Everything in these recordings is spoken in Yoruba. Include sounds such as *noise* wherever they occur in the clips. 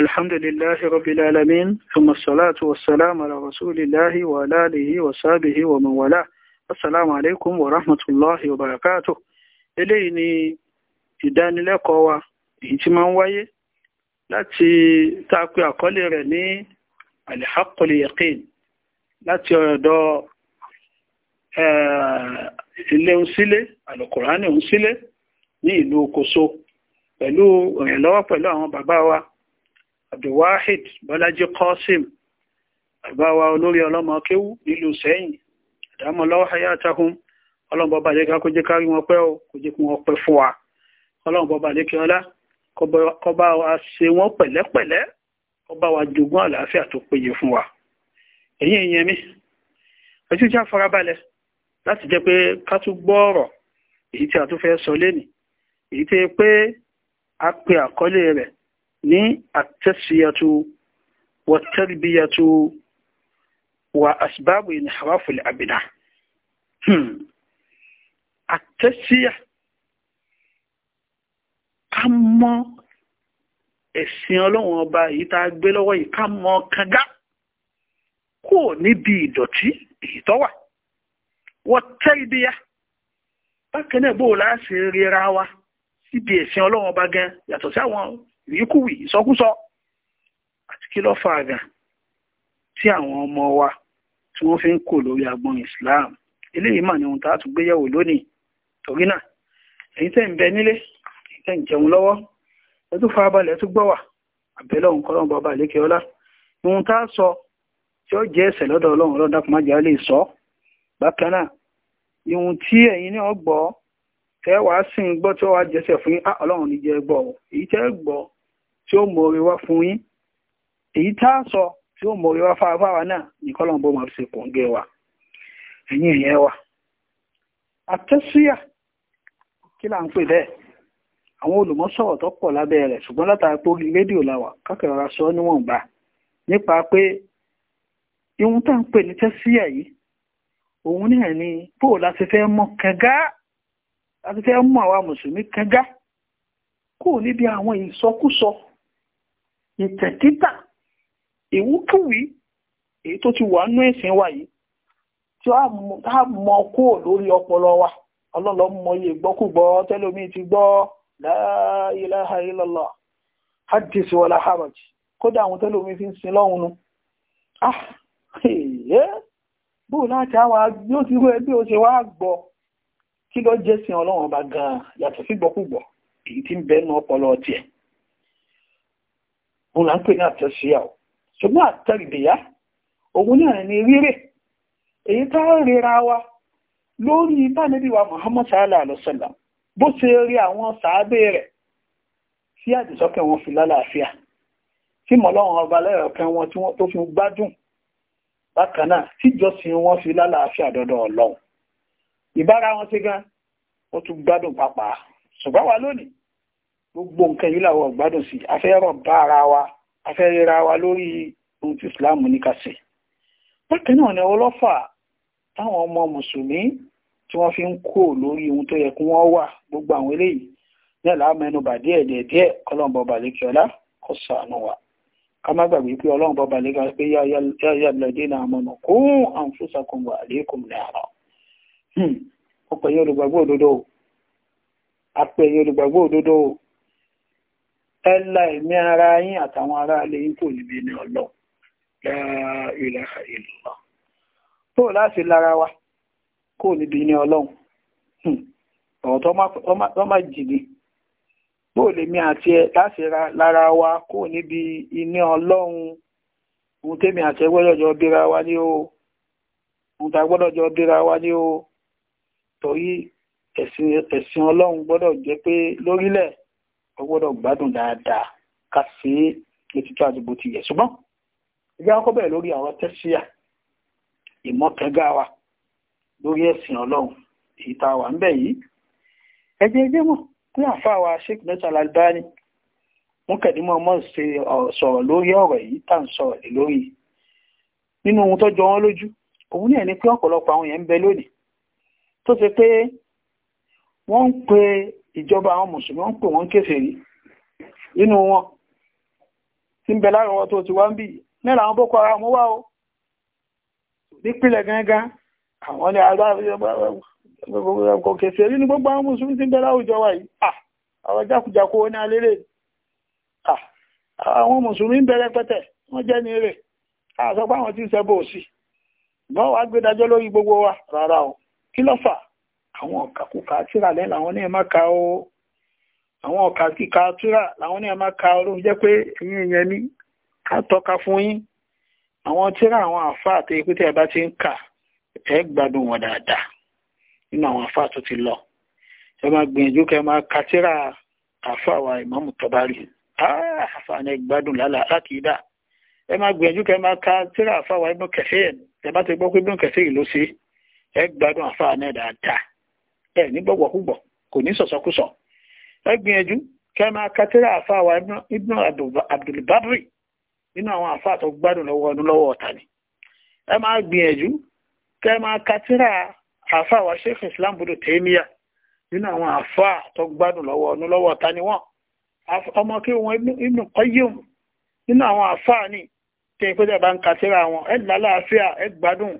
الحمد لله رب العالمين ثم الصلاة والسلام على رسول الله وعلى آله وصحبه ومن والاه السلام عليكم ورحمة الله وبركاته eléyìí ni ìdánilẹ́kọ̀ọ́ wa èyí tí máa ń wáyé láti tàpé àkọlé rẹ̀ ní al-haqqul yaqin láti ọ̀dọ̀ eh, ilé ń sílé alùkùránì ń sílé Koso pẹ̀lú ìrìnlọ́wọ́ pẹ̀lú àwọn bàbá wa abdulwahid bọ́lájí kọ́sìm àgbáwa olórí ọlọ́mọ kéwú nílùú sẹ́yìn àdámọ́ lọ́wọ́ hayatahum ọlọ́run bọ́ba àdéká kó jẹ́ kárí wọn pẹ́ o kó jẹ́ kí wọ́n pẹ́ fún wa ọlọ́run bọ́ba àdéká ọlá kó bá wa ṣe wọ́n pẹ̀lẹ́pẹ̀lẹ́ kó bá wa jogún àlàáfíà tó péye fún wa èyí ìyẹn mi ẹjú já farabalẹ̀ láti jẹ́ pé ká tún gbọ́ ọ̀rọ̀ èyí tí a tún fẹ́ sọ lénìí èyí tí pé a pe àkọlé rẹ̀ ní àtẹ́síyàtú wọ́tẹ́rìbíyàtú wà àṣìbáàbù ní àwáfòlẹ̀ àbìdá àtẹ́síyà ká mọ́ ẹ̀sìn ọlọ́run ọba èyí tá a gbé lọ́wọ́ yìí ká mọ́ kanga kò níbi ìdọ̀tí èyí tó wà wọ́tẹ́rìbíyà bákan náà bó o láṣẹ rírá wa síbi ẹ̀sìn ọlọ́run ọba gan yàtọ̀ sí àwọn ìwíkúwì ìsọkúsọ àti kí ló fà àgà tí àwọn ọmọ wa tí wọ́n fi ń kò lórí agbọn Islam eléyìí mà ní ohun tá a tún gbéyẹ̀wò lónìí torí náà èyí tẹ́ ń bẹ nílé èyí tẹ́ ń jẹun lọ́wọ́ ẹ tún farabalẹ̀ tún gbọ́ wà àbẹ̀lẹ̀ òun kọ́lọ́n bàbá àlékè ọlá ohun tá a sọ tí ó jẹ́ ẹsẹ̀ lọ́dọ̀ ọlọ́run ọlọ́dà kò má jẹ́ lè sọ bákan náà ohun tí ẹ̀yin náà gbọ́ tẹ́ wàá sìn gbọ́ tí wàá jẹ́sẹ̀ fún ah, ọlọ́run ní jẹ́ gbọ́ èyí tẹ́ gbọ́ tí ó mọ̀ọ́rẹ́ wá fún yín èyí tá sọ tí ó mọ̀ọ́rẹ́ wá fáwa náà ní kọ́lọ̀mbó máa fi ṣe kòǹgẹ́ wa ẹ̀yìn ìyẹn wa àtẹ́síyà kí là ń pè bẹ́ẹ̀ àwọn olùmọ́sọ̀rọ̀ tó pọ̀ lábẹ́ rẹ̀ ṣùgbọ́n látara pé rédíò làwà kákẹ́rọ̀ra sọ nípa pé tá yìí òun ìtẹ̀títà ìwúkúwí èyí tó ti wà nú ẹ̀sìn wa yìí tí a mọ kúrò lórí ọpọlọ wa ọlọ́lọ́ mọ iye gbọ́kúgbọ́ tẹ́lómi ti gbọ́ la ilaha illallah hadith kódà àwọn tẹ́lómi fi ń sin lọ́hun nu ah, láti àwọn agbó ti rú ẹbí o ṣe wá gbọ́ kí ló jẹ́ sin ọlọ́run ọba gan-an yàtọ̀ sí gbọ́kúgbọ́ èyí ń bẹ́ẹ̀ ọpọlọ tiẹ̀ òun là ń pè ní àtẹ̀síyà o ṣùgbọ́n àtẹ̀rìbìyà òun náà ní rírè èyí tá a rera wa lórí ìbánibí Muhammad sallallahu alaihi wasallam bó ṣe rí àwọn sàábé rẹ̀ tí àdìsọ́kẹ́ wọn fi lálàáfíà tí mọ̀lọ́wọ́n ọba lẹ́ẹ̀kẹ́ wọn tí wọ́n tó fi gbádùn bákan náà tíjọsìn wọn fi lálàáfíà dọ́dọ̀ ọlọ́run ìbára wọn ṣe gan ó tún gbádùn pàápàá ṣùgbọ́n wà lónìí gbogbo nǹkan yìí làwọn ọ̀gbádùn sí afẹ́rọ̀ bá ara wa afẹ́rẹ́ra wa lórí ohun tí islam ní ká ṣe bákan náà ni ọlọ́fà táwọn ọmọ mùsùlùmí tí wọ́n fi ń kó lórí ohun tó yẹ kí wọ́n wà gbogbo àwọn eléyìí náà láàmẹnubà díẹ̀ díẹ̀ díẹ̀ ọlọ́run bọba lẹ́kíọ́lá kó ṣàánú wa ká má gbàgbé pé ọlọ́run bọba lẹ́kíọ́lá pé yáyà lẹ́dẹ́ náà mọ̀nà kó àǹfùsàkùn wà lẹ́kùn náà ọ̀pẹ̀yẹ ẹlà ẹ̀mí ara yín àtàwọn ará ilé yín kò níbi ní ọlọ́run la ilaha illallah tó láti lára wa kò níbi ní ọlọ́run hmm. ọ̀rọ̀ tó má jìnnì bó lèmi àti ẹ láti lára wa kò níbi iná ọlọ́run ohun tèmi àti ẹ gbọ́dọ̀ jọ bíra wa ní o ohun tá gbọ́dọ̀ jọ bíra wa ní o torí ẹ̀sìn ọlọ́run gbọ́dọ̀ jẹ́ pé lórílẹ̀ ó gbọ́dọ̀ gbádùn dáadáa ká sí létí tó àti bó ti yẹ ṣùgbọ́n ẹgbẹ́ akọ́kọ́ bẹ̀rẹ̀ lórí àwọn tẹ́síà ìmọ̀kẹ́gá wa lórí ẹ̀sìn ọlọ́run èyí tá a wà ń bẹ̀ yìí ẹjẹ́ ẹgbẹ́ mọ̀ pé àfáà wa sheikh mẹ́ta Al-Albani wọ́n kẹ̀dímọ̀ mọ́ ṣe sọ̀rọ̀ lórí ọ̀rọ̀ yìí tá ń sọ̀rọ̀ lé lórí nínú ohun tó jọ wọ́n lójú òun ní ẹni pé ọ̀pọ̀lọpọ̀ àwọn yẹn ń bẹ lónìí tó ṣe pé wọ́n ń pe ìjọba àwọn mùsùlùmí ń pè wọ́n kèfèrí nínú wọn tí ń bẹ lárọ̀wọ́ tó ti wá ń bí mẹ́rin àwọn boko haram wá o nípìnlẹ̀ gangan àwọn ni àgbàkọ̀ kèfèrí ní gbogbo àwọn mùsùlùmí tí ń bẹ láwùjọ wa yìí ah, àwọn jákujàkú ó ní alérè ah, àwọn mùsùlùmí wa rárá o kí àwọn ọ̀kàkùkà tíra lẹ́nu àwọn náà má ka ó àwọn ọ̀kà kíkà tíra làwọn náà má ka olóhùn jẹ́ pé ẹ̀yin ìyẹn ní ká tọ́ka fún yín àwọn tíra àwọn àfa àti ìpínlẹ̀ ẹ̀ bá ti ń kà ẹ̀ gbádùn wọn dáadáa nínú àwọn àfa tó ti lọ ẹ máa gbìyànjú kẹ máa ka tíra àfa wa ìmáàmù tọ́bárì ah, àfa ni gbádùn lálá lákìídà ẹ máa gbìyànjú kẹ máa ka tíra àfa wa ibùn kẹfẹ́ ẹ̀ bá ti gbọ́ pé ibùn kẹfẹ́ yìí ló ṣe ẹ gbádùn àfa náà dáadáa ẹ̀ nígbọ̀gbọ̀kúgbọ̀ kò ní sọ̀sọ́kúsọ ẹ gbìyànjú kẹ́ máa katira àfa wa ibn abdulbabri nínú àwọn àfa tó gbádùn lọ́wọ́ ọdún lọ́wọ́ ọ̀tá ni ẹ máa gbìyànjú kẹ́ máa katira àfa wa sheikh islam budu tèmíyà nínú àwọn àfa tó gbádùn lọ́wọ́ ọdún lọ́wọ́ ọ̀tá ni wọ́n ọmọ kí wọn ibn qayyim nínú àwọn àfa ni tẹ́ ẹ pé tẹ́ bá ń katira wọn ẹ lálàáfíà ẹ gbádùn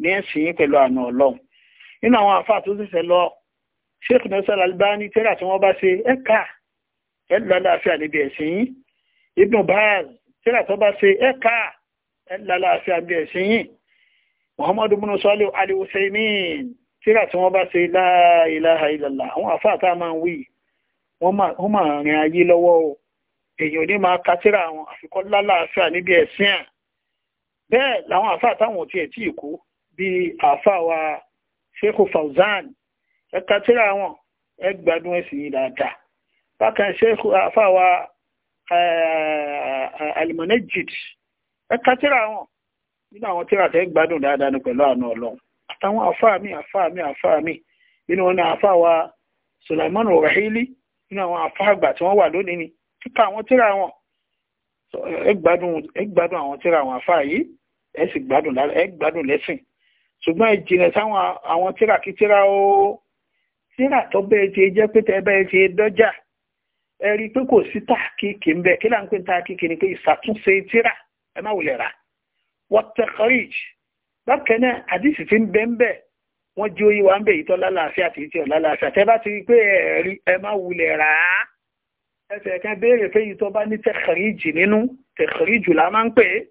ní ẹ̀sìn pẹ̀lú àna ọlọ́run nínú àwọn àfa tó sheikh nasar albani tẹ́lá tí wọ́n bá ṣe ẹ̀ka ẹ̀lálàáfíà níbi ẹ̀sìn yìí ibn baz tẹ́lá tó bá ṣe ẹ̀ka ẹ̀lálàáfíà níbi ẹ̀sìn yìí muhammadu bin sọ́lẹ̀ aliwusaimin tẹ́lá tí wọ́n bá ṣe la ilaha illallah àwọn àfáà tá a máa ń wí wọ́n máa rìn ayé lọ́wọ́ o èèyàn ní máa ka tẹ́lá àwọn àfikọ́ lálàáfíà níbi ẹ̀sìn à bẹ́ẹ̀ làwọn àfáà táwọn ò tiẹ̀ tí ì kú bíi àfáà wa sheikh fauzan ẹ ka tírà wọn ẹ gbádùn ẹ̀sìn yìí dáadáa bákan sheikh afáwa alimanejid ẹ ka tírà wọn nínú àwọn tírà tẹ gbádùn dáadáa ni pẹ̀lú àánú Ọlọ́run àtàwọn afáàmì afáàmì afáàmì nínú wọn ni afáwa sulaimanu rahili nínú àwọn afáàgbà tí wọ́n wà lónìí ni kíkà àwọn tírà wọn ẹ gbádùn àwọn tírà àwọn afáà yìí ẹ sì gbádùn lẹ́sìn ṣùgbọ́n ìjìnlẹ̀ sáwọn àwọn tírà kí tírà ó síra tó bẹ́ẹ̀ ṣe jẹ́ pé tẹ́ bẹ́ẹ̀ ṣe dọ́jà ẹ rí i pé kò sí táàkìkì ń bẹ kí là ń pè ní táàkìkì ni pé ìṣàtúnṣe síra ẹ má wulẹ̀ rà watercourage bákan náà àdìsí ti ń bẹ ń bẹ wọ́n jí oyé wa ń bẹ yìí tọ́ lálàáfíà àti ìtì ọ̀lálàáfíà tẹ́ bá ti rí i pé ẹ rí ẹ má wulẹ̀ rà á ẹsẹ̀ kan béèrè pé yìí tó bá ní tẹ̀kìríjì nínú tẹ̀kìríjù la máa ń pè é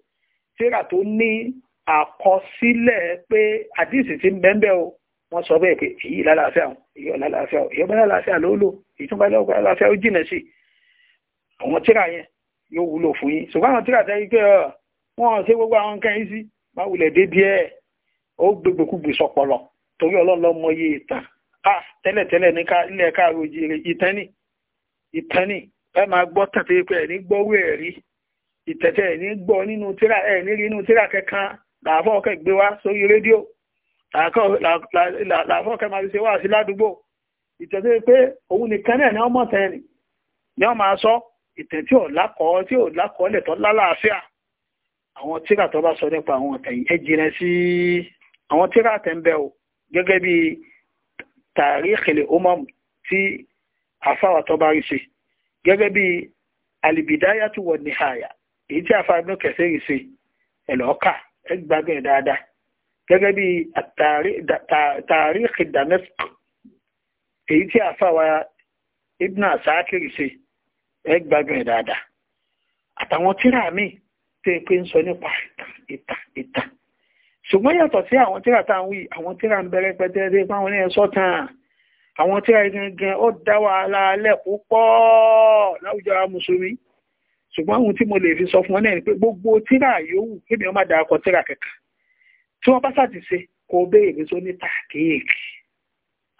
síra tó ní àkọsílẹ̀ pé àdìsí ti ń bẹ ń bẹ o wọ́n sọ bẹ́ẹ̀ pé èyí lálàáfíà èyí ọ̀làlàáfíà èyí lálàáfíà ló ìtúnba lọ́gbà lálàáfíà ó jìnà sí àwọn tíra yẹn yóò wúlò fún yín ṣùgbọ́n àwọn tíra tẹ́yí pé wọ́n ṣe gbogbo àwọn nǹkan yín sí má wulẹ̀ dé díẹ̀ ó gbégbèkúgbè sọpọlọ torí ọlọ́lọ́ mọyé ìtàn a tẹ́lẹ̀tẹ́lẹ̀ ní ilẹ̀ káàró jire ìtàn ni ẹ máa gbọ́ tàtẹ́ pé ẹ̀ ní gbọ́ làfọ́kẹ́ máa fi ṣe wá sí ládùúgbò ìtẹ̀ tó pé òun nìkan náà ni ọmọ tẹ́ ni ni wọ́n máa sọ ìtẹ̀ tí ò lákọ̀ọ́ tí ò lákọ̀ọ́lẹ̀ tó lálàáfíà àwọn tíra tó bá sọ nípa àwọn ọ̀tẹ̀yìn ẹ jìnà sí àwọn tíra tẹ̀ ń bẹ o gẹ́gẹ́ bí tàríkìlì umam tí àfáwà tó bá rí ṣe gẹ́gẹ́ bí alìbìdáyà tó wọ nìhàyà èyí tí àfáà ibùdó kẹsẹ́ rí ṣe ẹ̀lọ́ọ̀kà ẹ gbàgbé dáadáa gẹ́gẹ́ bí tàríkì damask èyí tí àfàwà ibn asakiri ṣe ẹ gbádùn ẹ̀ dáadáa àtàwọn tíra mi tó yẹ pé ń sọ nípa ìta ìta ṣùgbọ́n yàtọ̀ sí àwọn tíra tá à ń wí àwọn tíra ń bẹ̀rẹ̀ pẹ́tẹ́ dé fáwọn oníyẹn sọ́tàn àwọn tíra gangan ó dá wàhálà alẹ́ púpọ̀ láwùjọ mùsùlùmí ṣùgbọ́n àwọn tí mo lè fi sọ fún ọ náà ni pé gbogbo tíra yòówù kébì ọmọ dàkọ tíra kẹkẹ tí wọ́n bá sàtì ṣe kò béèrè tó ní tàkíìkì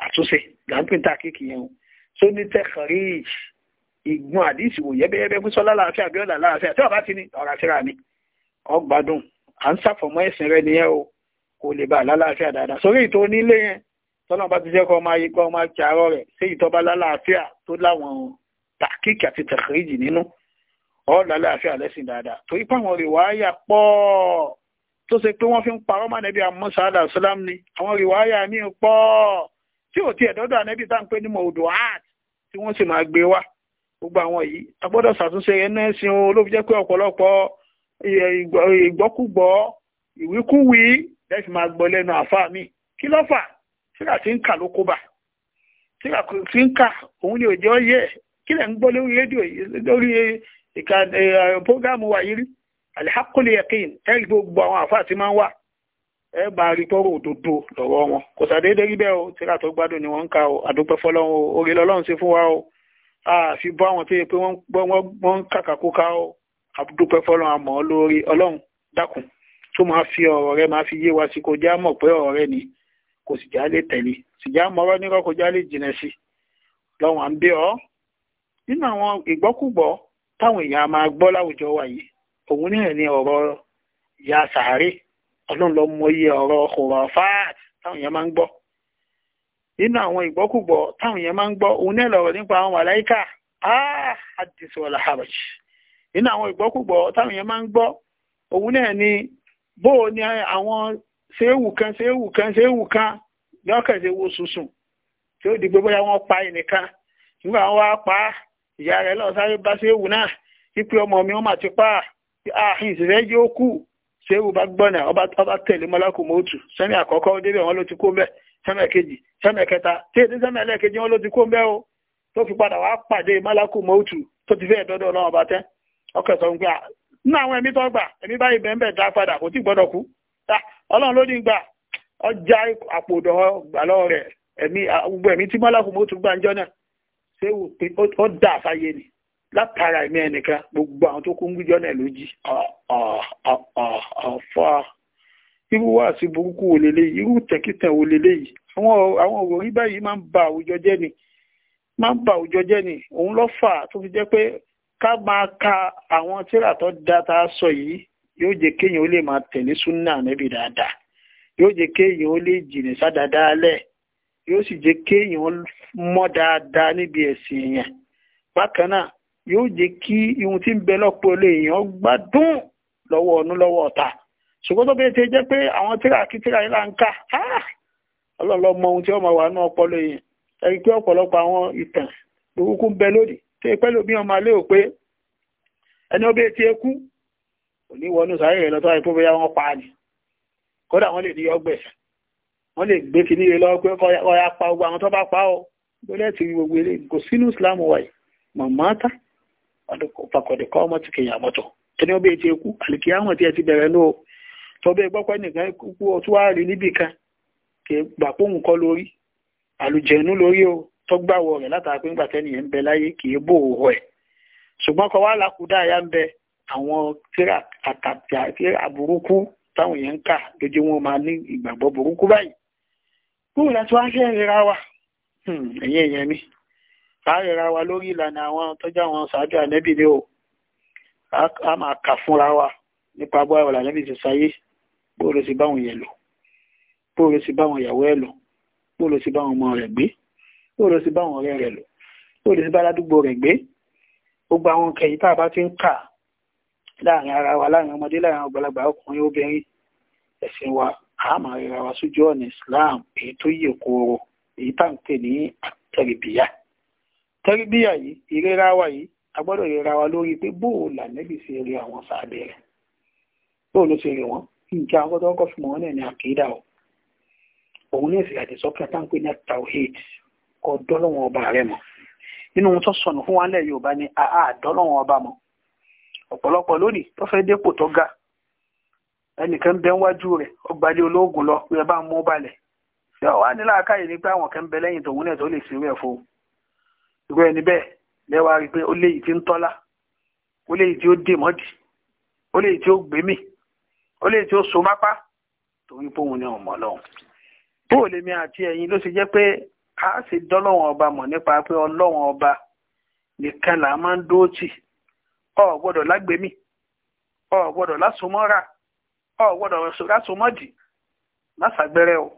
àtúnṣe láńpín tàkíìkì yẹn o tó ní tẹkọríìkì ìgbọn àdìsí wò yẹbẹyẹbẹ fún sọlá láàfin àbíọ́lá láàfin àti ọba ti ní ọ̀rọ̀ àfihàn mi ọgbàdùn à ń sàfọ̀mọ́ ẹ̀sìn rẹ nìyẹn o kò lè bá lálàáfíà dáadáa sórí ìtò onílé yẹn tọ́nà bá ti jẹ́ kọ́ máa yí kọ́ máa kí rẹ̀ sí ìtọ́ba lálàáfíà tó láwọn tàkíìkì àti tẹkọríìkì nínú ọ̀ lálàáfíà lẹ́sìn dáadáa torí pàwọn rè wáyà pọ̀ tó ṣe pé wọ́n fi ń parọ́ mọ́ nẹ́bí àmúṣà àdàsílám ni àwọn rìwáyà ní pọ̀ tí ò tiẹ̀ dọ́dọ̀ ànẹ́bí tá à ń pè ní mọ̀ọ́dọ̀ art tí wọ́n sì máa gbé wá gbogbo àwọn yìí a gbọ́dọ̀ ṣàtúnṣe ẹnu ẹ̀sìn o ló fi jẹ́ pé ọ̀pọ̀lọpọ̀ ìgbọ́kúgbọ́ ìwíkúwí lẹ́sìn máa gbọ́ lẹ́nu àfa mi kí ló fà síra tí ń kà ló kó bà síra tí ń kà òun ni òjò yẹ kí lẹ́ ń gbọ́ lórí rédíò lórí ìkànnì prógámù wa yìí rí alihakuli yakin ẹ̀rí gbogbo àwọn àfáà ti máa ń wà ẹ bá rí tọrọ òdodo lọ́wọ́ wọn kò sàdédé rí bẹ́ẹ̀ o tíra tó gbádùn ni wọ́n ń ka o àdúpẹ́ fọlọ́run o orí lọ́lọ́run ṣe fún wa o àfi bọ́ àwọn tó yẹ pé wọ́n ń kàkàkúkà o àdúpẹ́ fọlọ́run àmọ́ lórí ọlọ́run dákun tó máa fi ọ̀rọ̀ rẹ máa fi yé wa sí kò já mọ̀ pé ọ̀rọ̀ rẹ ni kò sì já lè tẹ̀lé sì já mọ́rọ́ nírọ́ kò lè jìnà sí lọ́wọ́n à ń bẹ̀ ọ́ òun náà ni ọ̀rọ̀ ìyá sàárè ọlọ́run ló mọ iye ọ̀rọ̀ khurafat táwọn èèyàn máa ń gbọ́ nínú àwọn ìgbọ́kùgbọ́ táwọn èèyàn máa ń gbọ́ òun náà lọ̀rọ̀ nípa àwọn màláìkà àdìsí ọ̀là nínú àwọn ìgbọ́kùgbọ́ táwọn èèyàn máa ń gbọ́ òun náà ni bó o ní àwọn séwù kan séwù kan séwù kan lọ́kẹ̀sẹ̀ wo sùsùn tí ó di pé bóyá wọ́n pa ẹnìkan nígbà wọn wá pa ìyá rẹ̀ lọ sáré bá séwù náà wípé ọmọ mi wọ́n mà ti pa á àhìsìrẹ́ yóò kú ṣéwù bá gbọ́nà ọba tẹ̀lé mọ́lákù mọ́tù sẹ́mi àkọ́kọ́ débẹ̀ wọn ló ti kó mbẹ́ sẹ́mi kejì sẹ́mi kẹta tí èdè sẹ́mi ẹlẹ́kejì wọn ló ti kó mbẹ́ o tó fi padà wá pàdé mọ́lákù mọ́tù tó ti fẹ́ dọ́dọ̀ ọlọ́run ọba tẹ́ ọkọ̀ sọ pé ah, nínú àwọn ẹ̀mí tó gbà ẹ̀mí báyìí bẹ́ẹ̀ bẹ́ẹ̀ dá padà kò tí gbọ́dọ̀ kú ah, ọlọ́run ló ní gbà ọjà àpòdọ̀ gbàlọ́ rẹ̀ ẹ̀mí ah, gbogbo ẹ̀mí tí mọ́lákù mọ́tù gbà ń jọ náà ṣéwù ó dà fáyé ni látara ẹ̀mí ẹnìkan gbogbo àwọn tó kún gbíjọ́ náà ló jí àfà irú wàásù burúkú wò leléyìí irú tẹ̀kítẹ̀ wò leléyìí àwọn òrí báyìí máa ń ba àwùjọ jẹ́ ni máa ń ba àwùjọ jẹ́ ni òun ló fà tó fi jẹ́ pé ká máa ka àwọn tíra tó da tá a sọ yìí yóò jẹ́ kéèyàn ó lè máa tẹ̀lé súnà níbi dáadáa yóò jẹ́ kéèyàn ó lè jìnnà sádáadáa lẹ̀ yóò sì jẹ́ kéèyàn mọ́ dáadáa níbi ẹ̀sìn yẹn bákan náà yóò jẹ́ kí ihun tí ń bẹ lọ́pọlọ èèyàn gbádùn lọ́wọ́ ọ̀nú lọ́wọ́ ọ̀tá ṣùgbọ́n tó bẹ́ẹ̀ ti jẹ́ pé àwọn tíra kí tíra yìí là ń kà ọlọ́lọ́ mọ ohun tí ó máa wà ní ọpọlọ èèyàn ẹni pé ọ̀pọ̀lọpọ̀ àwọn ìtàn burúkú ń bẹ lónìí tí pẹ́ lómi ọmọ alẹ́ ò pé ẹni ó bẹ́ẹ̀ ti kú kò ní wọnú sáré rẹ̀ lọ́tọ́ ìpó bóyá wọ́n pa á ní kódà wọ́n lè ní ọgbẹ̀ wọ́n lè gbé kí ní lọ́wọ́ pé ọya pa gbogbo àwọn tó bá pa ọ́ lórí ẹ̀ ti fakọ̀dẹ̀ kọ́ ọmọ ti kẹyìn àmọ́tọ̀ kíní ọbẹ̀ ti kú àlìkíyàmọ̀ tí ẹ ti bẹ̀rẹ̀ náà tọ́bẹ̀ gbọ́pẹ́ nìkan kú ọtún wá rí níbì kan gbà póhùn kọ́ lórí àlùjẹ̀nú lórí o tọ́gbàwọ̀ rẹ̀ látàrí pé ńgbà tẹ́nìyàn ń bẹ láyé kì í bò ó ẹ̀ ṣùgbọ́n kọ́ wá làkúdá ya ń bẹ àwọn tíra burúkú táwọn èèyàn ń kà lójú wọn máa ní ìgbàgbọ́ burúkú báyìí kúrò láti wá ṣe ìrira wa hmm, ẹ̀yìn èèyàn mi láàrẹ̀ra wa lórí ìlànà àwọn tọ́jà wọn ṣáájú ànẹ́bì ni ó a máa kà fúnra wa nípa bó àwọn ànẹ́bì ti sáyé bó ló sì báwọn yẹ̀ lò bó ló sì báwọn ìyàwó ẹ̀ lò bó ló sì báwọn ọmọ rẹ̀ gbé bó ló sì báwọn ọ̀rẹ́ rẹ̀ lò bó ló sì bá ládùúgbò rẹ̀ gbé gbogbo àwọn kẹyìn tá a bá ti ń kà láàrin ara wa láàrin ọmọdé láàrin ọgbàlagbà ọkùnrin obìnrin ẹ̀sìn wa a máa rẹra wa sójú ọ̀nà Islam èyí tó yẹ kóró èyí tá à ń pè ní àtẹ̀rẹ̀bíyà tẹ́rìbíyà yìí ìrera wa yìí a gbọ́dọ̀ ìrera wa lórí pé bóò là nẹ́bì sí eré àwọn sàbẹ̀ rẹ̀ bóò ló ṣe rí wọn nǹkan akọ́tọ́ ọkọ̀ fún wọn náà ní àkídà o òun náà sì àti sọ́kẹ́ táǹpé ní tawhid kọ́ dọ́lọ́wọ́n ọba rẹ̀ mọ́ nínú ohun tó sọnù fún wa ńlẹ̀ Yorùbá ni àá dọ́lọ́wọ́n ọba mọ́ ọ̀pọ̀lọpọ̀ lónìí tó fẹ́ dépò tó ga ẹnìkan bẹ́ wájú rẹ̀ ọgbàdé ológun lọ pé ẹ bá mú balẹ̀ ṣé ọ̀wá nílà káyè ní àwọn kan bẹ lẹ́yìn tòun náà tó lè ṣerú ẹ̀ fún un irú ẹni bẹ́ẹ̀ lẹ́wàá rí pé ó léyìí tí ń tọ́lá ó léyìí tí ó dè mọ́dì ó léyìí tí ó gbémì ó léyìí tí ó so mápá torí pé òun ni ọmọ ọlọ́run bó o lè mi àti ẹ̀yin ló ṣe jẹ́ pé a sì dọ́lọ́wọ̀n ọba mọ̀ nípa pé ọlọ́wọ̀n ọba nìkan là máa ń dúró tì ọ gbọ́dọ̀ lágbèmí ọ gbọ́dọ̀ lásomọ́ra ọ gbọ́dọ̀ lásomọ́dì lásàgbẹ́rẹ́ o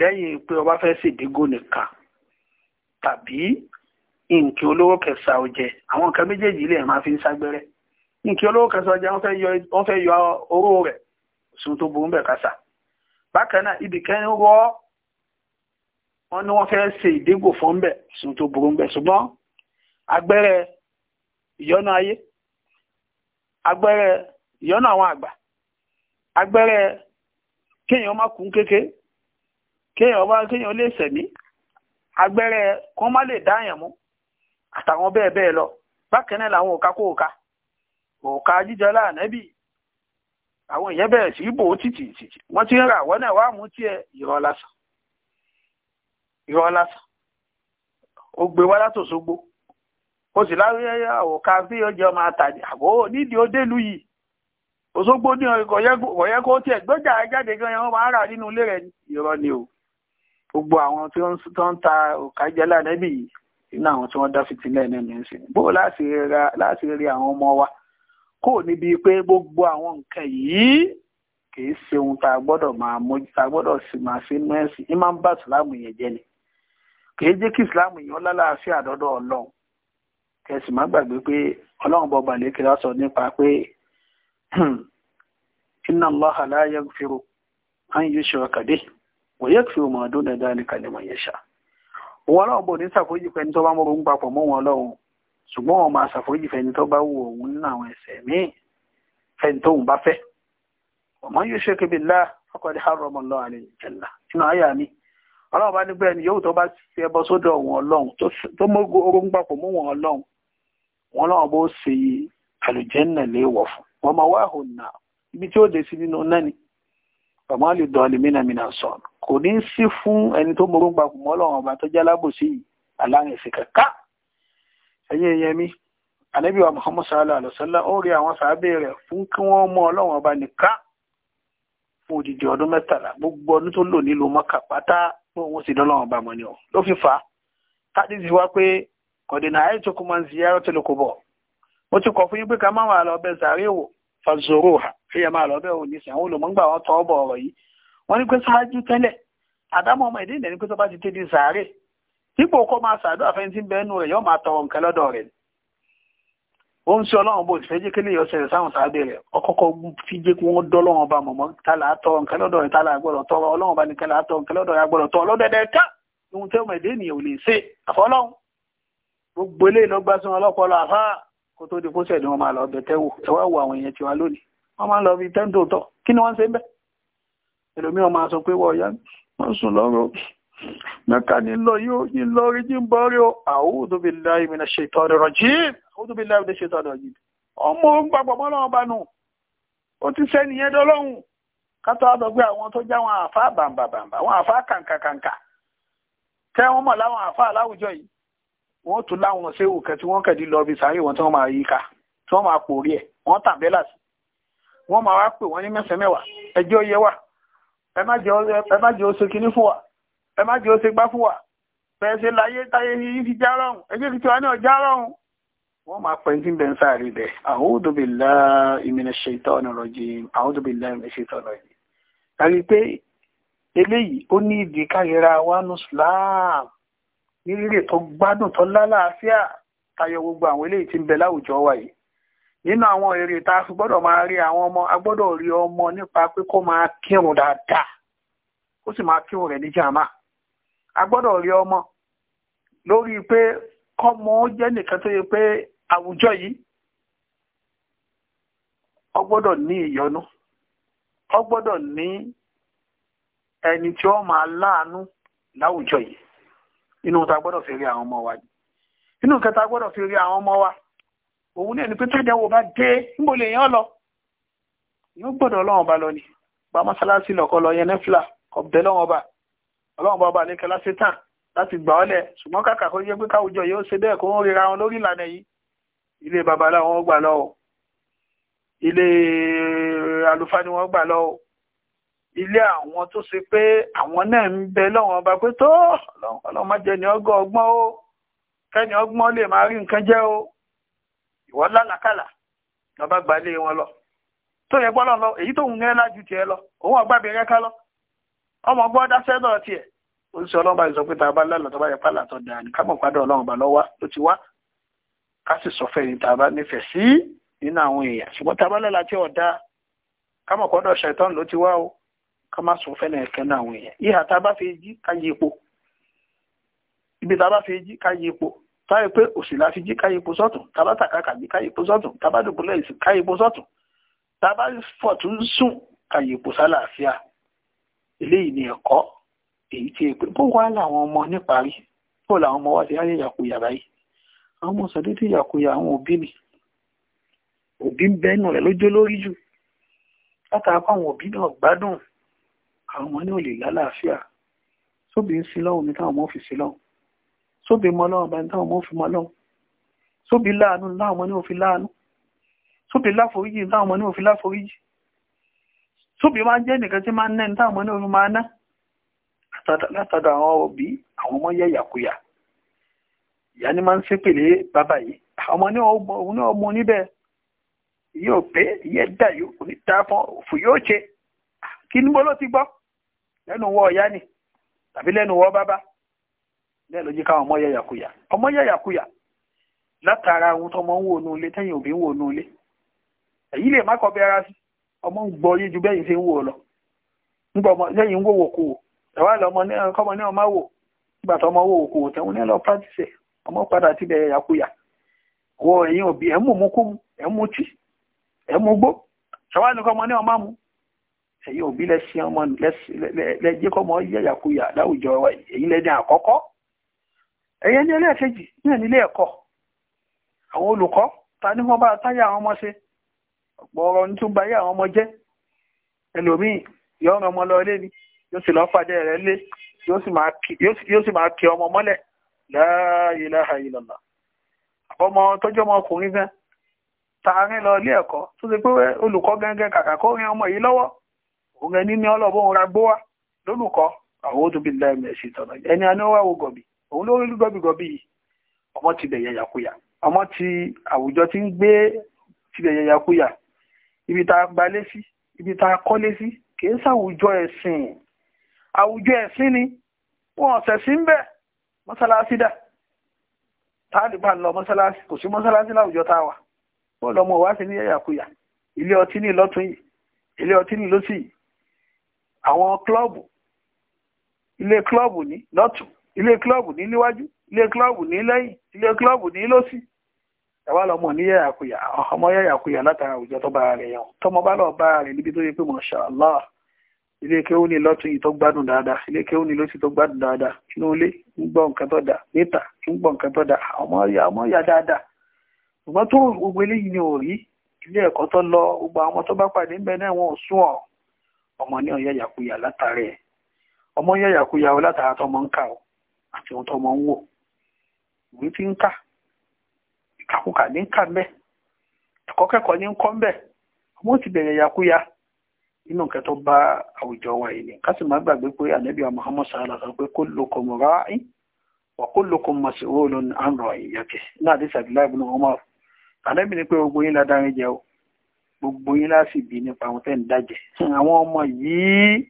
lẹ́yìn pé ọba fẹ́ ṣèdígò nìkan tàbí nke olówó kẹsà ọjẹ àwọn nǹkan méjèèjì ilé fi ń nke nǹkan olówó kẹsà ọjẹ yọ oró rẹ sun tó burú bẹ kásà bákan náà ibì kẹrin rọ wọn ni wọ́n fẹ́ ṣe fún sun tó burú bẹ ṣùgbọ́n agbẹrẹ ìyọnu ayé agbẹrẹ ìyọnu àwọn àgbà agbẹrẹ àtàwọn bẹ́ẹ̀ bẹ́ẹ̀ lọ bákan náà làwọn òka kó òka òka jíjẹ láànẹ́bì àwọn èèyàn bẹ̀rẹ̀ sí bò ó títì títì wọ́n ti ń ra àwọn náà wá mú tiẹ̀ irọ́ lásán irọ́ lásán ó gbé wá látòṣogbo ó sì láwé òka bí ọjọ́ máa tàbí àbò nídìí ó délùú yìí Òṣogbo ní ọ̀yẹ́ kó tiẹ̀ gbọ́jà jáde gan-an wọ́n máa rà nínú ilé rẹ̀ irọ́ ni o gbogbo àwọn tí wọ́n ń ta òka jẹ́ láànẹ́bì yìí iná àwọn tí wọ́n dá fìtílẹ̀ náà ní ṣe bó láti rí àwọn ọmọ wa kò níbi pé gbogbo àwọn nǹkan yìí kìí ṣe ohun tá a gbọ́dọ̀ máa mójú tá a gbọ́dọ̀ sì máa ṣe nú ẹ̀sìn ní máa ń bá ìsìláàmù yẹn jẹ́ ni kìí jẹ́ kí ìsìláàmù yẹn lálàáfíà dọ́dọ̀ ọlọ́run kẹsì má gbàgbé pé ọlọ́run bọ̀ balẹ̀ kí wọ́n sọ nípa pé hmm, inna Allaha la yaghfiru an yushraka bihi wa yaghfiru ma duna dhalika liman yasha' wọn náà bò ní ṣàforíjì fẹni tó bá mọ òun papọ̀ mọ́ wọn lọ́wọ́ ṣùgbọ́n wọn máa ṣàforíjì fẹni tó bá wù òun nínú àwọn ẹ̀ṣẹ̀ míì fẹni tóun bá fẹ́ ọmọ yóò ṣe kébì lá faqad harrama Allahu alayhi al-jannah nínú àyà mi ọlọ́run bá ní bẹ́ẹ̀ yóò tó bá fi ẹbọ sódò wọn ọlọ́run tó mọ́gbó orogún papọ̀ mọ́ wọn ọlọ́run wọn náà bó ṣe àlùjẹ́nà léèwọ̀ fún wọn máa wá hùn náà ibi tí ó dé sí nínú náà ni ọmọ lè dọ̀ọ̀lì mínàmínà sọ kò ní sí fún ẹni tó morú gbapò mọ́ ọlọ́run ọba tó jẹ́ alábòsí aláàrin sí kẹ̀kẹ́ ẹ̀yìn ẹ̀yẹ mi ànábì wa muhammad sallallahu alaihi wa sallam ó rí àwọn sàábé rẹ̀ fún kí wọ́n mọ ọlọ́run ọba nìkan fún òdìdí ọdún mẹ́tàlá gbogbo ọdún tó lò nílùú mọ́kà pátá pé òun sì dọ́lọ́run ọba mọ̀ ni ló fi fà á tádì sí wá pé kọ̀dínà àìtòkùnmọ̀ ziyarọ̀ tó lè kó bọ̀ mo ti kọ̀ fún yín pé ká má wà lọ bẹ sàárè wò fàzòròhà fíyẹ máa lọ bẹ́ẹ̀ òní sí àwọn olùmọ̀ngbà wọn tọ́ bọ̀ ọ̀rọ̀ yìí wọ́n ní pé sáájú tẹ́lẹ̀ àdámọ́ ọmọ ìdí ìdẹ́ni pé tó bá ti tẹ́lẹ̀ sàárè dípò kó máa sàdúrà fẹ́ tí ń bẹ ẹnu rẹ̀ yóò máa tọrọ nǹkan lọ́dọ̀ rẹ̀ ó ń sọ ọlọ́run bó ti fẹ́ jẹ́ kí lèyọ ṣẹlẹ̀ sáwọn sáábẹ̀ rẹ̀ ọkọ̀kọ́ fi jẹ́ kí wọ́n dọ́lọ́run ba mọ̀mọ́ tálà tọrọ nǹkan lọ́dọ̀ rẹ̀ tálà gbọ́dọ̀ tọrọ ọlọ́run bá nìkan là tọrọ nǹkan lọ́dọ̀ rẹ̀ gbọ́dọ̀ tọrọ lọ́dẹ̀dẹ̀ ká ohun tí ọmọ ìdí ènìyàn ò lè ṣe àfọlọ́run gbogbo eléyìí ló gbásùn ọlọ́pọlọ àfáà kó tó di kó sẹ̀ ni wọ́n máa lọ ọbẹ̀ tẹ́wò ẹ wá wo àwọn èèyàn tiwa lónìí wọ́n máa ń lọ bí tẹ́ńtò tọ̀ kí ni wọ́n ń ṣe bẹ́ẹ̀ ẹlòmíràn máa sọ pé wọ́n yá wọ́n sùn lọ́rọ̀ mẹ́ka ní lọ yóò ní lọ rí ní bọ́ rí o a'udhu billahi minash shaitani rajim a'udhu billahi minash shaitani rajim ọmọ òun gbàgbọ́ mọ́ lọ́wọ́ banú ó ti sẹ́ni yẹn dọ́lọ́hùn kátó àbọ̀ pé àwọn tó já wọn àfa bàǹbàǹbà àwọn àfa kàǹkàǹkà tẹ́ wọ́n mọ̀ láwọn àfa láwùjọ yìí wọ́n tún láwọn séwù kan tí wọ́n kẹ̀dí lọ ibi sáré wọn tí wọ́n máa yí ká tí wọ́n máa pòórí ẹ̀ wọ́n tàbẹ́là sí wọ́n máa wá pè wọ́n ní mẹ́sàn-án mẹ́wàá yẹ wà ẹ má jẹ́ ó ṣe fún wa ẹ má jẹ́ ó gbá fún wa fẹ́ẹ́sẹ́ láyé táyé yìí fi já rọrùn ẹgbẹ́ kìtì wa náà já rọrùn. wọ́n máa pẹ́ tí ń ń sáré bẹ̀ a'udhu billahi minash shaitani rajim a'udhu billahi minash shaitani rajim. àrí pé eléyìí ó ní ìdí káyẹra wa nù nílé tó gbádùn tó lálàáfíà tayọ gbogbo àwọn eléyìí ti ń bẹ láwùjọ wa yìí nínú àwọn èrè ta a fi gbọ́dọ̀ máa rí àwọn ọmọ a gbọ́dọ̀ rí ọmọ nípa pé kó máa kírun dáadáa ó sì máa kírun ní a gbọ́dọ̀ rí ọmọ lórí pé ó nìkan tó yẹ pé àwùjọ yìí ọ ní ọ inú ta gbọ́dọ̀ fi rí àwọn ọmọ wa ni inú kẹta gbọ́dọ̀ fi rí àwọn ọmọ wa òun náà ni pé tájà wo bá dé níbo lè yàn lọ yóò gbọ́dọ̀ ọlọ́run ba lọ ni bá mọ́sálásí lọ́kọ́ lọ yẹn nẹ́fìlà ọ̀bẹ lọ́wọ́n ba ọlọ́run bá ba lè kẹlá sí tàn láti gbà ọ́ lẹ̀ ṣùgbọ́n kàkà kó yẹ pé káwùjọ yóò ṣe bẹ́ẹ̀ kó ń rira wọn lórí ìlànà yìí ilé babaláwo gbà lọ ilé àlùfáà ni wọn gbà lọ ilé àwọn tó ṣe pé àwọn náà ń bẹ lọ́wọ́n ọba pé tó ọlọ́mọdé ni ọgọ́ ọgbọ́n ó kẹ́ni ọgbọ́n lè máa rí nǹkan jẹ́ ó ìwọ lálàkàlà lọ́ba gbalé wọn lọ tó yẹ gbọ́dọ̀ lọ èyí tó ń rẹ́ lájú tiẹ̀ lọ òun ọgbà bẹ̀rẹ̀ ká lọ ọmọ ọgbọ́n dáṣẹ́ náà tiẹ̀ oṣù ọlọ́mọba sọ pé tá a bá lálọ́ tó bá yẹ pálá tó dáa ní kámọ̀ padà ọlọ́mọba lọ́wọ́ ló ti wá ká sì sọ fẹ́ni tá a bá nífẹ̀ẹ́ sí nínú àwọn èèyàn ṣùgbọ́n tá a bá lálọ́ tí ọ̀dà kámọ̀ padà ṣàìtàn ló ti wá o ká má sùn fẹ́nà ẹ̀kẹ́ náà àwọn èèyàn ìhà tá a bá fi jí ká yí epo ibi tá a bá fi jí ká yí epo tá a yẹ pé òsì la fi jí ká yí epo sọ́tún tá a bá tàkà kàbí ká yí epo sọ́tún tá a bá dùbúlẹ̀ ìsìn ká yí epo sọ́tún tá a bá fọ̀tún sùn ká yí epo sálàáfíà eléyìí ni ẹ̀kọ́ èyí tí èpè bó wá làwọn ọmọ níparí bó làwọn ọmọ wá ti ráyè yàkuyà báyìí àwọn ọmọ sọdédé yàkuyà àwọn òbí ni òbí ń bẹ́nu rẹ̀ lójó lórí jù látàkọ́ àwọn òbí náà gbádùn àwọn ní òlè lálàáfíà sóbì ń sí lọ́hùn ní táwọn ọmọ fi sí lọ́hùn sóbì mọ lọ́hùn bá ní táwọn ọmọ fi mọ lọ́hùn sóbì láàánú ní táwọn ọmọ ní òfin láàánú sóbì láforíjì ní táwọn ọmọ ní òfin láforíjì sóbì máa jẹ́ nìkan tí máa ń nẹ́ni táwọn ọmọ ní òfin máa ná látàdà àwọn òbí àwọn ọmọ yẹ yàkuyà ìyá ni máa ń ṣépèlé bàbá yìí ọmọ ní òun náà mú níbẹ̀ yóò pé ìyẹ́ dà yóò ní dáa òfò yóò ṣe kí ní bọ́ ló ti gbọ́ lẹnu wọ ọ̀yá ni tàbí lẹnu wọ bàbá bẹ́ẹ̀ ló jí ọmọ yẹ̀yàkuyà ọmọ yẹ̀yàkuyà látara ohun tọmọ ń wò nù ilé tẹ́yìn òbí ń wò nù èyí lè má kọbi ara sí ọmọ ń gbọ́ yé ju bẹ́yìn ṣe ọmọ ń wò wò ọmọ wò nígbà wò wò lọ ọmọ padà ti wọ òbí mú mú mú tí mú gbó mu ẹ̀yin òbí lẹ́sìn ọmọ lẹ́jẹ́ kọ́ mọ́ yẹ yàkuyà láwùjọ èyí lẹ́ni àkọ́kọ́ ẹ̀yẹ ní ẹlẹ́ẹ̀kejì náà nílé ẹ̀kọ́ àwọn olùkọ́ ta ni wọ́n bá táyà àwọn ọmọ ṣe ọ̀pọ̀ ọ̀rọ̀ ní tún bayé àwọn ọmọ jẹ́ ẹlòmíì yóò ràn ọmọ lọ ilé ni yóò sì lọ́ọ́ fàdé rẹ̀ lé yóò sì máa kí ọmọ mọ́lẹ̀ la ilaha illallah àbọ̀mọ tọ́jú ọmọ ọkùnrin gan tààrin lọ ilé ẹ̀kọ́ tó ṣe pé olùkọ́ gángan kàkà kó rin ọmọ yìí lọ́wọ́ òun ẹni ní ọlọ́bọ̀ òun ra gbó wá lólùkọ́ àwọn ó tóbi láì mẹ́ ṣe tọ̀nà ẹni àná wà wo gọ̀bì òun ló rí gọ̀bì gọ̀bì yìí ọmọ ti bẹ̀ yẹyàkuyà ọmọ ti àwùjọ ti ń gbé ti bẹ̀ yẹyàkuyà ibi tá a gbalé sí ibi tá a kọ́lé sí kìí sàwùjọ ẹ̀sìn àwùjọ ẹ̀sìn ni wọn ọ̀sẹ̀ sí ń bẹ̀ mọ́sálásí dà táàdì bá lọ mọ́sálásí kò sí mọ́sálásí láwùjọ tá a wà bọ́ọ̀lù ọmọ wa sí ní yẹyàkuyà ilé ọtí ní ìlọ́tún yìí ilé ọtí ní ìlọ́sì yìí àwọn klọ́ọ̀bù ilé klọ́ọ̀bù ní lọ́tù ilé klọ́ọ̀bù ní níwájú ilé klọ́ọ̀bù ní lẹ́yìn ilé klọ́ọ̀bù ní lọ́sì ẹ̀wá lọ́mọ ní yẹ̀yàkuyà ọmọ yẹ̀yàkuyà látara àwùjọ tó bára rẹ̀ yàn tọmọ bá lọ bára rẹ̀ níbi tó yẹ pé masha Allah ilé kéwú ni lọ́tún yìí tó gbádùn dáadáa ilé kéwú ni lọ́sì tó gbádùn dáadáa inú ilé ń gbọ́ nǹkan tó dà níta ń gbọ́ nǹkan tó dà ọmọ yà ọmọ yà dáadáa ṣùgbọ́n tó gbogbo eléyìí ni ò ọmọ ní ọ̀yà yàkuyà látàrí ẹ̀ ọmọ yà yàkuyà ọ látara tọmọ ń kà ọ àti ohun tọmọ ń wò ìwé tí ń kà ìkàkùkà ní ń kà mbẹ ẹ̀kọ́ kẹ́kọ̀ọ́ ní ń kọ́ mbẹ ọmọ ti bẹ̀rẹ̀ yàkuyà inú nǹkan tó bá àwùjọ wa yìí ni ká sì má gbàgbé pé ànábì wa Muhammad sallallahu alaihi wa sallam pé kullukum ra'in wa kullukum mas'ulun an ra'iyatihi náà àdìsí àbíláì ibn Umar ànábì ni pé gbogbo yín ládàrin jẹ́ o gbogbo yín láti bí nípa àwọn tẹ́ǹ dájẹ́ àwọn ọmọ yìí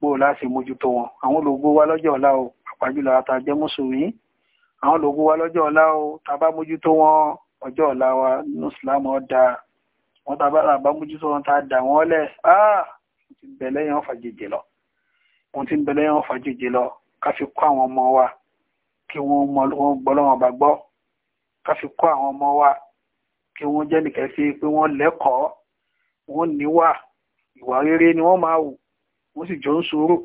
bó o láti mójútó wọn àwọn ológo wa lọ́jọ́ ọ̀la o àpájùlọ àtàjẹ́ mùsùlùmí àwọn ológo wa lọ́jọ́ ọ̀la o tàbá mójútó wọn ọjọ́ ọ̀la wa nínú ìsìlámù ọ̀dà wọn tàbá làbá mójútó wọn tá a dà wọn lẹ̀ ah mo ti bẹ̀ lẹ́yìn ọ̀fà jèjì lọ mo ti bẹ̀ lẹ́yìn ọ̀fà jèjì lọ ká fi kọ́ àwọn ọmọ wa kí wọ́n mọ gbọ́ lọ́wọ́ bá gbọ́ ká fi kọ́ àwọn ọmọ wa kí wọ́n jẹ́ nìkan sí pé wọ́n lẹ́kọ̀ọ́ wọ́n níwà ìwà rere ni wọ́n máa wù wọ́n sì jọ ń sùúrù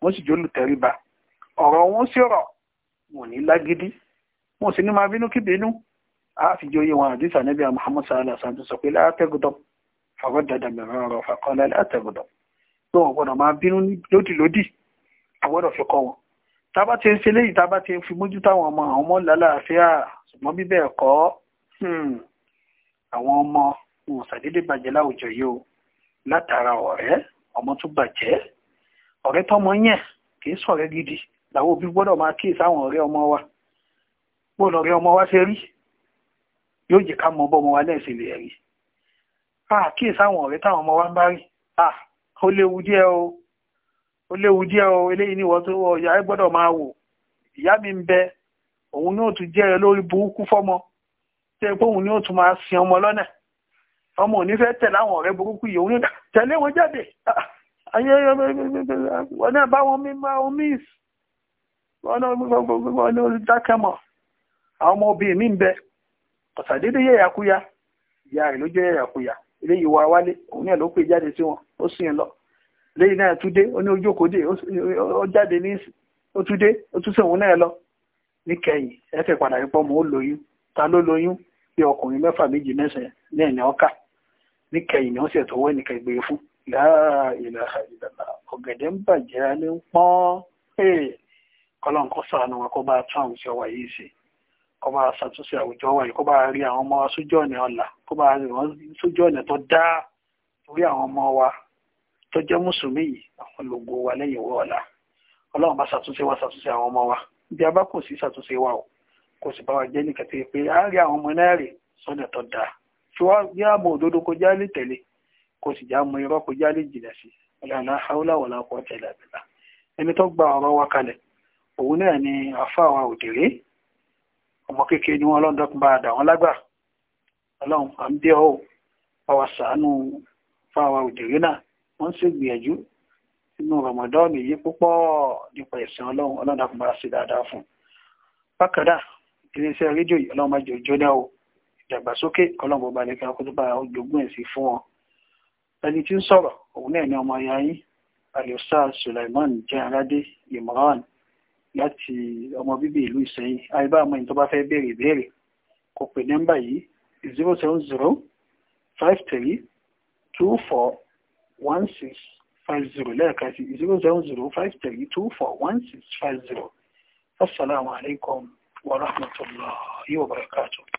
wọ́n sì jọ lùtẹ̀ríba ọ̀rọ̀ wọn sí ọ̀rọ̀ wọn ní lágídí wọn sì ní máa bínú kí bínú àfi jẹ́ wọn àdìsá níbi Muhammad sallallahu alaihi wasallam sọ pé látẹ̀gùdọ̀ fàwọ́ dada mẹ́rin ọ̀rọ̀ fàkọ́lá látẹ̀gùdọ̀ pé wọn gbọ́dọ̀ máa bínú lódì lódì àgbọ́dọ̀ fi kọ́ wọn tábà ti ń ṣe léyìí tábà ti ń fi mójú táwọn ọmọ àwọn ọmọ lálàáfíà ṣùgbọ́n bí kọ́ hmm, àwọn ọmọ wọn ṣàdédé bàjẹ́ láwùjọ yìí o látara ọ̀rẹ́ ọmọ tó bàjẹ́ ọ̀rẹ́ tọmọ yẹn kìí sọ̀rẹ́ gidi làwọn òbí gbọ́dọ̀ máa kíyèsí àwọn ọ̀rẹ́ ọmọ wa bó lọ̀rẹ́ ọmọ wa ṣe rí yóò jẹ́ ká mọ bọ́mọ wa náà ṣe lè rí kíyèsí àwọn ọ̀rẹ́ táwọn ọmọ wa ń bá rí ó léwu díẹ̀ o ó léwu díẹ̀ o eléyìí ni ìwọ tó ọ̀yà ẹ gbọ́dọ̀ máa wò ìyá mi ń bẹ òun ni ó tún jẹ́ lórí burúkú fọ́mọ tẹ́ pé òun ni ó máa sin ọmọ lọ́nà ọmọ òní fẹ́ tẹ̀lé àwọn ọ̀rẹ́ burúkú yìí òun tẹ̀lé wọn jáde *laughs* ayé wọn náà bá wọn mímọ àwọn míìs wọn náà dákẹ́mọ̀ àwọn ọmọ obìnrin mi ń bẹ ọ̀sàdédé yẹ̀yàkúya ìyá rẹ̀ ló jẹ́ yẹ̀yàkúya eléyìí wà wálé ló pè jáde sí wọn ó lọ náà ó ní ojú òkòdè ó jáde ní ó ó tún náà lọ níkẹyìn padà rí ó lóyún ta ló lóyún bí ọkùnrin méjì náà níkẹyìn ọ̀sẹ̀ tó wẹ́ nìkan ìgbé fún láà ìlàhà ìlàlà ọ̀gẹ̀dẹ̀ ń bàjẹ́ alẹ́ ń pọ́n kọ́lọ́n kó sàánú wa kó bá tún àwùjọ wa yìí ṣe kó bá ṣàtúnṣe àwùjọ wa yìí kó bá rí àwọn ọmọ wa sójú ọ̀nà ọ̀la kó bá rí wọn sójú ọ̀nà tó dáa torí àwọn ọmọ wa tó jẹ́ mùsùlùmí yìí àwọn lògbò wa lẹ́yìn ìwé ọ̀la ọlọ́run bá ṣàtúnṣe wa ṣàtúnṣe àwọn ọmọ wa bí a bá kò sí ṣàtúnṣe wa o kò sì bá wa jẹ́ nìkan tó yẹ pé a rí àwọn ọmọ náà rè sọ́nà tó dáa ṣùgbọ́n jẹ́ àmọ́ òdodo kó já lè tẹ̀lé kó sì já mọ irọ́ kó já lè jìnà sí ìlànà haúlá wọ̀lá kọ́ tẹ̀lé àbílà ẹni tó gba ọ̀rọ̀ wa kalẹ̀ òun náà ni àfáàwà òdèrè ọmọ kékeré ni wọn lọ́dọ̀ bá dà wọn lágbà ọlọ́run à ń bí ọ́ ọwà sàánú fáàwà òdèrè náà wọ́n sì gbìyànjú inú rọmọdọ́ọ̀nù yìí púpọ̀ nípa ẹ̀sìn ọlọ́run ọlọ́dàkùnbá sí dáadáa fún un bákan náà iléeṣẹ́ rédíò yìí ọlọ́run má jẹ́ òjò náà o ìdàgbàsókè ọlọ́run ọba lẹ́ka kó tó bá ojogún ẹ̀ sí fún wọn ẹni tí ń sọ̀rọ̀ òun náà ni ọmọ ayá yín aliosa suleiman jẹ́nradé imran láti ọmọ bíbí ìlú ìsẹ́yìn àìbá àmọ́ ẹni tó bá fẹ́ béèrè ìbéèrè kò pè nẹ́mbà yìí zero seven zero five three two four one six five zero lẹ́ẹ̀ka sí zero seven zero five three two four one six five zero asalaamualeykum wa rahmatullahi wa barakatuh.